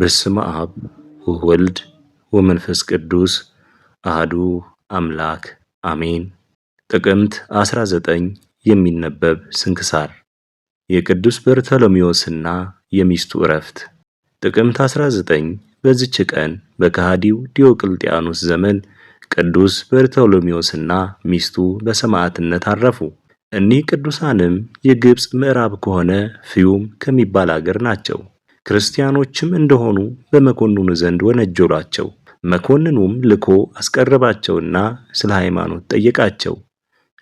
በስመ አብ ወወልድ ወመንፈስ ቅዱስ አህዱ አምላክ አሜን። ጥቅምት 19 የሚነበብ ስንክሳር የቅዱስ በርተሎሜዎስና የሚስቱ እረፍት ጥቅምት 19 በዚች ቀን በከሃዲው ዲዮቅልጥያኖስ ዘመን ቅዱስ በርተሎሜዎስና ሚስቱ በሰማዕትነት አረፉ። እኒህ ቅዱሳንም የግብፅ ምዕራብ ከሆነ ፍዩም ከሚባል አገር ናቸው። ክርስቲያኖችም እንደሆኑ በመኮንኑ ዘንድ ወነጀሏቸው። መኮንኑም ልኮ አስቀረባቸውና ስለ ሃይማኖት ጠየቃቸው።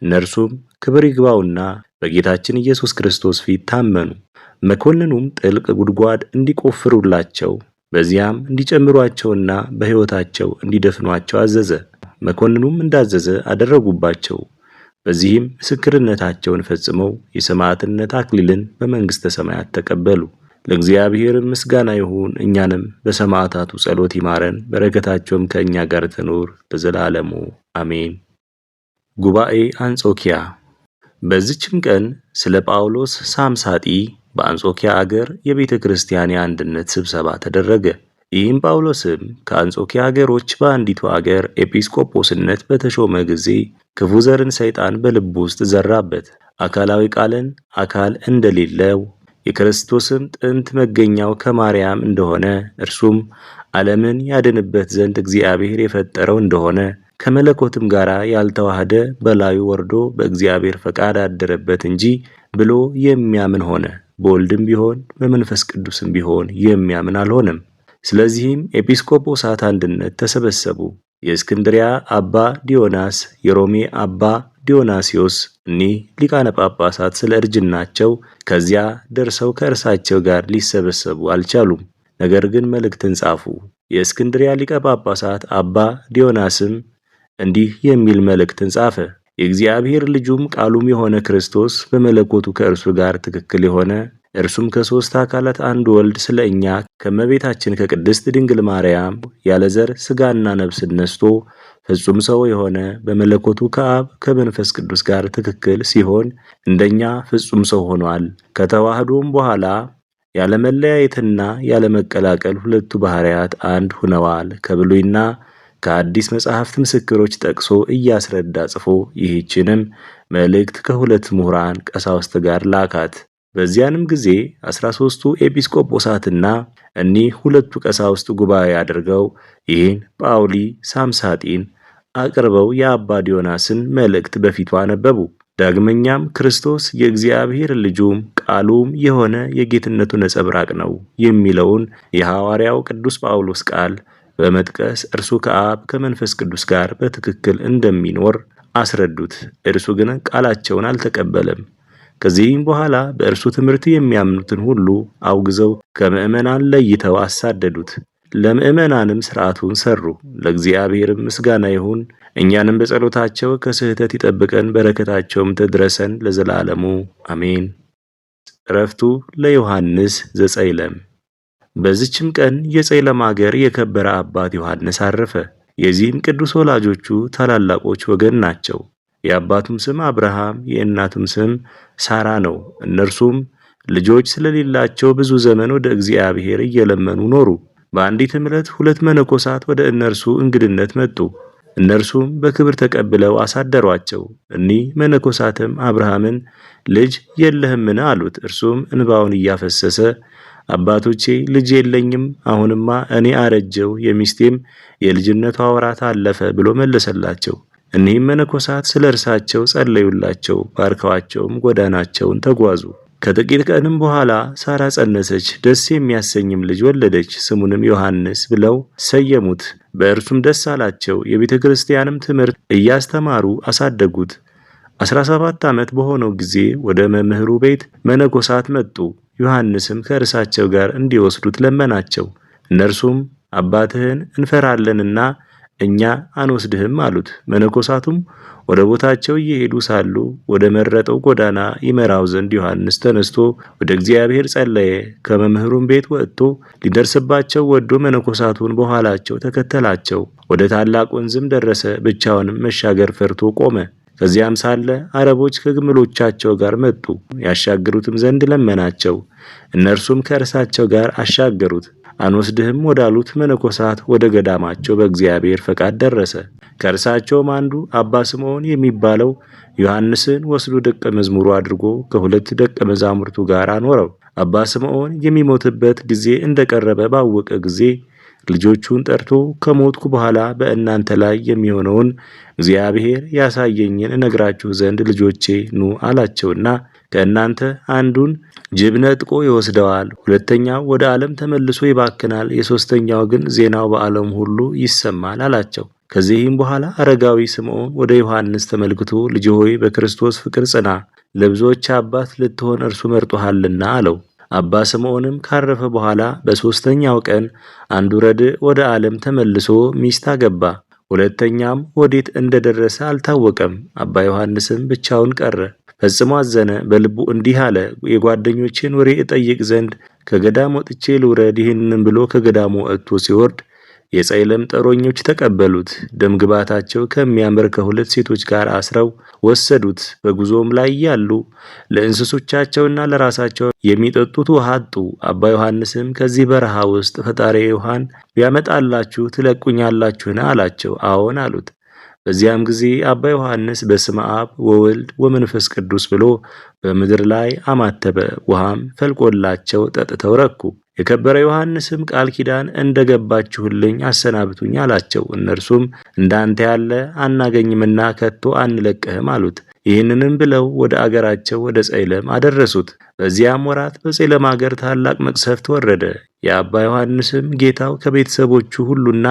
እነርሱም ክብር ይግባውና በጌታችን ኢየሱስ ክርስቶስ ፊት ታመኑ። መኮንኑም ጥልቅ ጉድጓድ እንዲቆፍሩላቸው በዚያም እንዲጨምሯቸውና በሕይወታቸው እንዲደፍኗቸው አዘዘ። መኮንኑም እንዳዘዘ አደረጉባቸው። በዚህም ምስክርነታቸውን ፈጽመው የሰማዕትነት አክሊልን በመንግሥተ ሰማያት ተቀበሉ። ለእግዚአብሔር ምስጋና ይሁን። እኛንም በሰማዕታቱ ጸሎት ይማረን፣ በረከታቸውም ከእኛ ጋር ትኑር በዘላለሙ አሜን። ጉባኤ አንጾኪያ። በዚችም ቀን ስለ ጳውሎስ ሳምሳጢ በአንጾኪያ አገር የቤተ ክርስቲያን የአንድነት ስብሰባ ተደረገ። ይህም ጳውሎስም ከአንጾኪያ አገሮች በአንዲቱ አገር ኤጲስቆጶስነት በተሾመ ጊዜ ክፉ ዘርን ሰይጣን በልቡ ውስጥ ዘራበት። አካላዊ ቃልን አካል እንደሌለው የክርስቶስም ጥንት መገኛው ከማርያም እንደሆነ እርሱም ዓለምን ያድንበት ዘንድ እግዚአብሔር የፈጠረው እንደሆነ ከመለኮትም ጋር ያልተዋህደ በላዩ ወርዶ በእግዚአብሔር ፈቃድ አደረበት እንጂ ብሎ የሚያምን ሆነ። በወልድም ቢሆን በመንፈስ ቅዱስም ቢሆን የሚያምን አልሆነም። ስለዚህም ኤጲስቆጶሳት አንድነት ተሰበሰቡ። የእስክንድሪያ አባ ዲዮናስ፣ የሮሜ አባ ዲዮናሲዮስ። እኒህ ሊቃነ ጳጳሳት ስለ እርጅናቸው ከዚያ ደርሰው ከእርሳቸው ጋር ሊሰበሰቡ አልቻሉም። ነገር ግን መልእክትን ጻፉ። የእስክንድሪያ ሊቀ ጳጳሳት አባ ዲዮናስም እንዲህ የሚል መልእክትን ጻፈ። የእግዚአብሔር ልጁም ቃሉም የሆነ ክርስቶስ በመለኮቱ ከእርሱ ጋር ትክክል የሆነ እርሱም ከሦስት አካላት አንድ ወልድ ስለ እኛ ከመቤታችን ከቅድስት ድንግል ማርያም ያለ ዘር ሥጋና ነፍስን ነስቶ ፍጹም ሰው የሆነ በመለኮቱ ከአብ ከመንፈስ ቅዱስ ጋር ትክክል ሲሆን እንደኛ ፍጹም ሰው ሆኗል። ከተዋህዶም በኋላ ያለመለያየትና ያለመቀላቀል ሁለቱ ባህርያት አንድ ሁነዋል። ከብሉይና ከአዲስ መጽሐፍት ምስክሮች ጠቅሶ እያስረዳ ጽፎ ይህችንም መልእክት ከሁለት ምሁራን ቀሳውስት ጋር ላካት። በዚያንም ጊዜ አስራ ሦስቱ ኤጲስቆጶሳትና እኒህ ሁለቱ ቀሳውስት ጉባኤ አድርገው ይህን ጳውሊ ሳምሳጢን አቅርበው የአባ ዲዮናስን መልእክት በፊቱ አነበቡ። ዳግመኛም ክርስቶስ የእግዚአብሔር ልጁም ቃሉም የሆነ የጌትነቱ ነጸብራቅ ነው የሚለውን የሐዋርያው ቅዱስ ጳውሎስ ቃል በመጥቀስ እርሱ ከአብ ከመንፈስ ቅዱስ ጋር በትክክል እንደሚኖር አስረዱት። እርሱ ግን ቃላቸውን አልተቀበለም። ከዚህም በኋላ በእርሱ ትምህርት የሚያምኑትን ሁሉ አውግዘው ከምዕመናን ለይተው አሳደዱት። ለምእመናንም ሥርዓቱን ሠሩ። ለእግዚአብሔርም ምስጋና ይሁን። እኛንም በጸሎታቸው ከስህተት ይጠብቀን፣ በረከታቸውም ትድረሰን ለዘላለሙ አሜን። ዕረፍቱ ለዮሐንስ ዘጸይለም። በዚችም ቀን የጸይለም አገር የከበረ አባት ዮሐንስ አረፈ። የዚህም ቅዱስ ወላጆቹ ታላላቆች ወገን ናቸው። የአባቱም ስም አብርሃም የእናቱም ስም ሳራ ነው። እነርሱም ልጆች ስለሌላቸው ብዙ ዘመን ወደ እግዚአብሔር እየለመኑ ኖሩ። በአንዲትም ዕለት ሁለት መነኮሳት ወደ እነርሱ እንግድነት መጡ። እነርሱም በክብር ተቀብለው አሳደሯቸው። እኒህ መነኮሳትም አብርሃምን ልጅ የለህምን አሉት። እርሱም እንባውን እያፈሰሰ አባቶቼ ልጅ የለኝም፣ አሁንማ እኔ አረጀው፣ የሚስቴም የልጅነቷ ወራት አለፈ ብሎ መለሰላቸው። እኒህም መነኮሳት ስለ እርሳቸው ጸለዩላቸው፣ ባርከዋቸውም ጎዳናቸውን ተጓዙ። ከጥቂት ቀንም በኋላ ሳራ ጸነሰች፣ ደስ የሚያሰኝም ልጅ ወለደች። ስሙንም ዮሐንስ ብለው ሰየሙት። በእርሱም ደስ አላቸው። የቤተ ክርስቲያንም ትምህርት እያስተማሩ አሳደጉት። አስራ ሰባት ዓመት በሆነው ጊዜ ወደ መምህሩ ቤት መነኮሳት መጡ። ዮሐንስም ከእርሳቸው ጋር እንዲወስዱት ለመናቸው። እነርሱም አባትህን እንፈራለንና እኛ አንወስድህም አሉት። መነኮሳቱም ወደ ቦታቸው እየሄዱ ሳሉ ወደ መረጠው ጎዳና ይመራው ዘንድ ዮሐንስ ተነስቶ ወደ እግዚአብሔር ጸለየ። ከመምህሩም ቤት ወጥቶ ሊደርስባቸው ወዶ መነኮሳቱን በኋላቸው ተከተላቸው። ወደ ታላቅ ወንዝም ደረሰ። ብቻውንም መሻገር ፈርቶ ቆመ። ከዚያም ሳለ አረቦች ከግመሎቻቸው ጋር መጡ። ያሻግሩትም ዘንድ ለመናቸው። እነርሱም ከእርሳቸው ጋር አሻገሩት። አንወስድህም ወዳሉት መነኮሳት ወደ ገዳማቸው በእግዚአብሔር ፈቃድ ደረሰ። ከእርሳቸውም አንዱ አባ ስምዖን የሚባለው ዮሐንስን ወስዶ ደቀ መዝሙሩ አድርጎ ከሁለት ደቀ መዛሙርቱ ጋር አኖረው። አባ ስምዖን የሚሞትበት ጊዜ እንደቀረበ ባወቀ ጊዜ ልጆቹን ጠርቶ ከሞትኩ በኋላ በእናንተ ላይ የሚሆነውን እግዚአብሔር ያሳየኝን እነግራችሁ ዘንድ ልጆቼ ኑ አላቸውና ከእናንተ አንዱን ጅብ ነጥቆ ይወስደዋል፣ ሁለተኛው ወደ ዓለም ተመልሶ ይባክናል፣ የሦስተኛው ግን ዜናው በዓለም ሁሉ ይሰማል አላቸው። ከዚህም በኋላ አረጋዊ ስምዖን ወደ ዮሐንስ ተመልክቶ ልጅ ሆይ በክርስቶስ ፍቅር ጽና፣ ለብዙዎች አባት ልትሆን እርሱ መርጦሃልና አለው። አባ ስምዖንም ካረፈ በኋላ በሦስተኛው ቀን አንዱ ረድእ ወደ ዓለም ተመልሶ ሚስት አገባ። ሁለተኛም ወዴት እንደደረሰ አልታወቀም። አባ ዮሐንስም ብቻውን ቀረ። ፈጽሞ አዘነ። በልቡ እንዲህ አለ፣ የጓደኞቼን ወሬ እጠይቅ ዘንድ ከገዳም ወጥቼ ልውረድ። ይህንን ብሎ ከገዳሙ ወጥቶ ሲወርድ የጻይለም ጠሮኞች ተቀበሉት። ደምግባታቸው ከሚያምር ከሁለት ሴቶች ጋር አስረው ወሰዱት። በጉዞም ላይ ያሉ ለእንስሶቻቸውና ለራሳቸው የሚጠጡት ውሃ አጡ። አባ ዮሐንስም ከዚህ በረሃ ውስጥ ፈጣሪ ውሃን ቢያመጣላችሁ ትለቁኛላችሁን? አላቸው። አዎን አሉት። በዚያም ጊዜ አባ ዮሐንስ በስመ አብ ወወልድ ወመንፈስ ቅዱስ ብሎ በምድር ላይ አማተበ። ውሃም ፈልቆላቸው ጠጥተው ረኩ። የከበረ ዮሐንስም ቃል ኪዳን እንደገባችሁልኝ አሰናብቱኝ አላቸው። እነርሱም እንዳንተ ያለ አናገኝምና ከቶ አንለቅህም አሉት። ይህንንም ብለው ወደ አገራቸው ወደ ጸይለም አደረሱት። በዚያም ወራት በጸይለም አገር ታላቅ መቅሰፍት ወረደ። የአባ ዮሐንስም ጌታው ከቤተሰቦቹ ሁሉና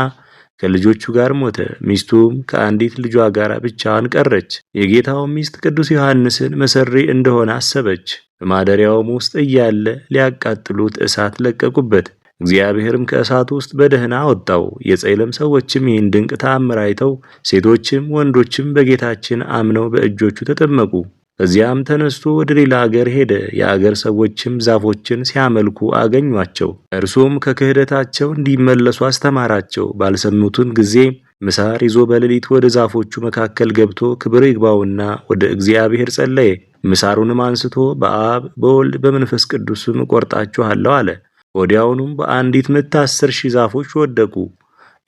ከልጆቹ ጋር ሞተ። ሚስቱም ከአንዲት ልጇ ጋር ብቻዋን ቀረች። የጌታውን ሚስት ቅዱስ ዮሐንስን መሰሪ እንደሆነ አሰበች። በማደሪያውም ውስጥ እያለ ሊያቃጥሉት እሳት ለቀቁበት። እግዚአብሔርም ከእሳት ውስጥ በደህና አወጣው። የጸይለም ሰዎችም ይህን ድንቅ ተአምር አይተው ሴቶችም ወንዶችም በጌታችን አምነው በእጆቹ ተጠመቁ። ከዚያም ተነስቶ ወደ ሌላ አገር ሄደ። የአገር ሰዎችም ዛፎችን ሲያመልኩ አገኟቸው። እርሱም ከክህደታቸው እንዲመለሱ አስተማራቸው። ባልሰሙትን ጊዜ ምሳር ይዞ በሌሊት ወደ ዛፎቹ መካከል ገብቶ ክብር ይግባውና ወደ እግዚአብሔር ጸለየ። ምሳሩንም አንስቶ በአብ በወልድ በመንፈስ ቅዱስም ቆርጣችኋለሁ አለ። ወዲያውኑም በአንዲት ምት አስር ሺህ ዛፎች ወደቁ።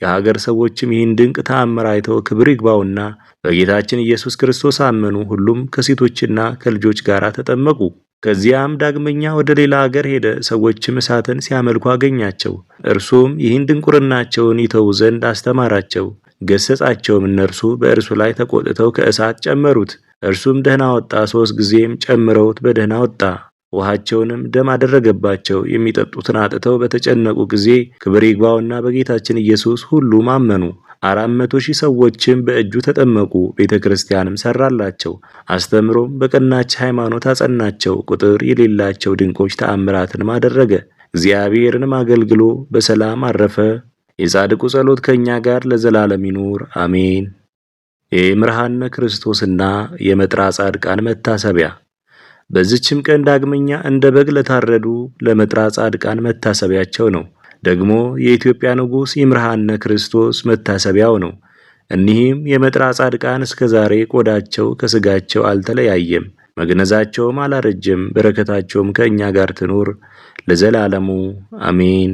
የሀገር ሰዎችም ይህን ድንቅ ተአምር አይተው ክብር ይግባውና በጌታችን ኢየሱስ ክርስቶስ አመኑ። ሁሉም ከሴቶችና ከልጆች ጋር ተጠመቁ። ከዚያም ዳግመኛ ወደ ሌላ አገር ሄደ። ሰዎችም እሳትን ሲያመልኩ አገኛቸው። እርሱም ይህን ድንቁርናቸውን ይተው ዘንድ አስተማራቸው፣ ገሰጻቸውም። እነርሱ በእርሱ ላይ ተቆጥተው ከእሳት ጨመሩት። እርሱም ደህና ወጣ። ሦስት ጊዜም ጨምረውት በደህና ወጣ። ውሃቸውንም ደም አደረገባቸው። የሚጠጡትን አጥተው በተጨነቁ ጊዜ ክብር ይግባውና በጌታችን ኢየሱስ ሁሉም አመኑ። አራት መቶ ሺህ ሰዎችም በእጁ ተጠመቁ። ቤተ ክርስቲያንም ሰራላቸው። አስተምሮም በቀናች ሃይማኖት አጸናቸው። ቁጥር የሌላቸው ድንቆች ተአምራትንም አደረገ። እግዚአብሔርንም አገልግሎ በሰላም አረፈ። የጻድቁ ጸሎት ከእኛ ጋር ለዘላለም ይኑር አሜን። የምርሃነ ክርስቶስና የመጥራ ጻድቃን መታሰቢያ በዚችም ቀን ዳግመኛ እንደ በግ ለታረዱ ለመጥራ ጻድቃን መታሰቢያቸው ነው። ደግሞ የኢትዮጵያ ንጉሥ ይምርሃነ ክርስቶስ መታሰቢያው ነው። እኒህም የመጥራ ጻድቃን እስከ ዛሬ ቆዳቸው ከስጋቸው አልተለያየም፣ መግነዛቸውም አላረጀም። በረከታቸውም ከእኛ ጋር ትኑር ለዘላለሙ አሜን።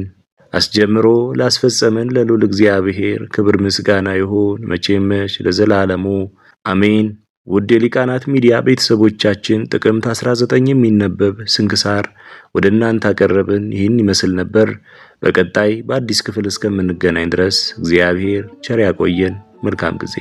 አስጀምሮ ላስፈጸመን ለልዑል እግዚአብሔር ክብር ምስጋና ይሁን መቼም መች ለዘላለሙ አሜን። ውድ የሊቃናት ሚዲያ ቤተሰቦቻችን ጥቅምት 19 የሚነበብ ስንክሳር ወደ እናንተ አቀረብን። ይህን ይመስል ነበር። በቀጣይ በአዲስ ክፍል እስከምንገናኝ ድረስ እግዚአብሔር ቸር ያቆየን። መልካም ጊዜ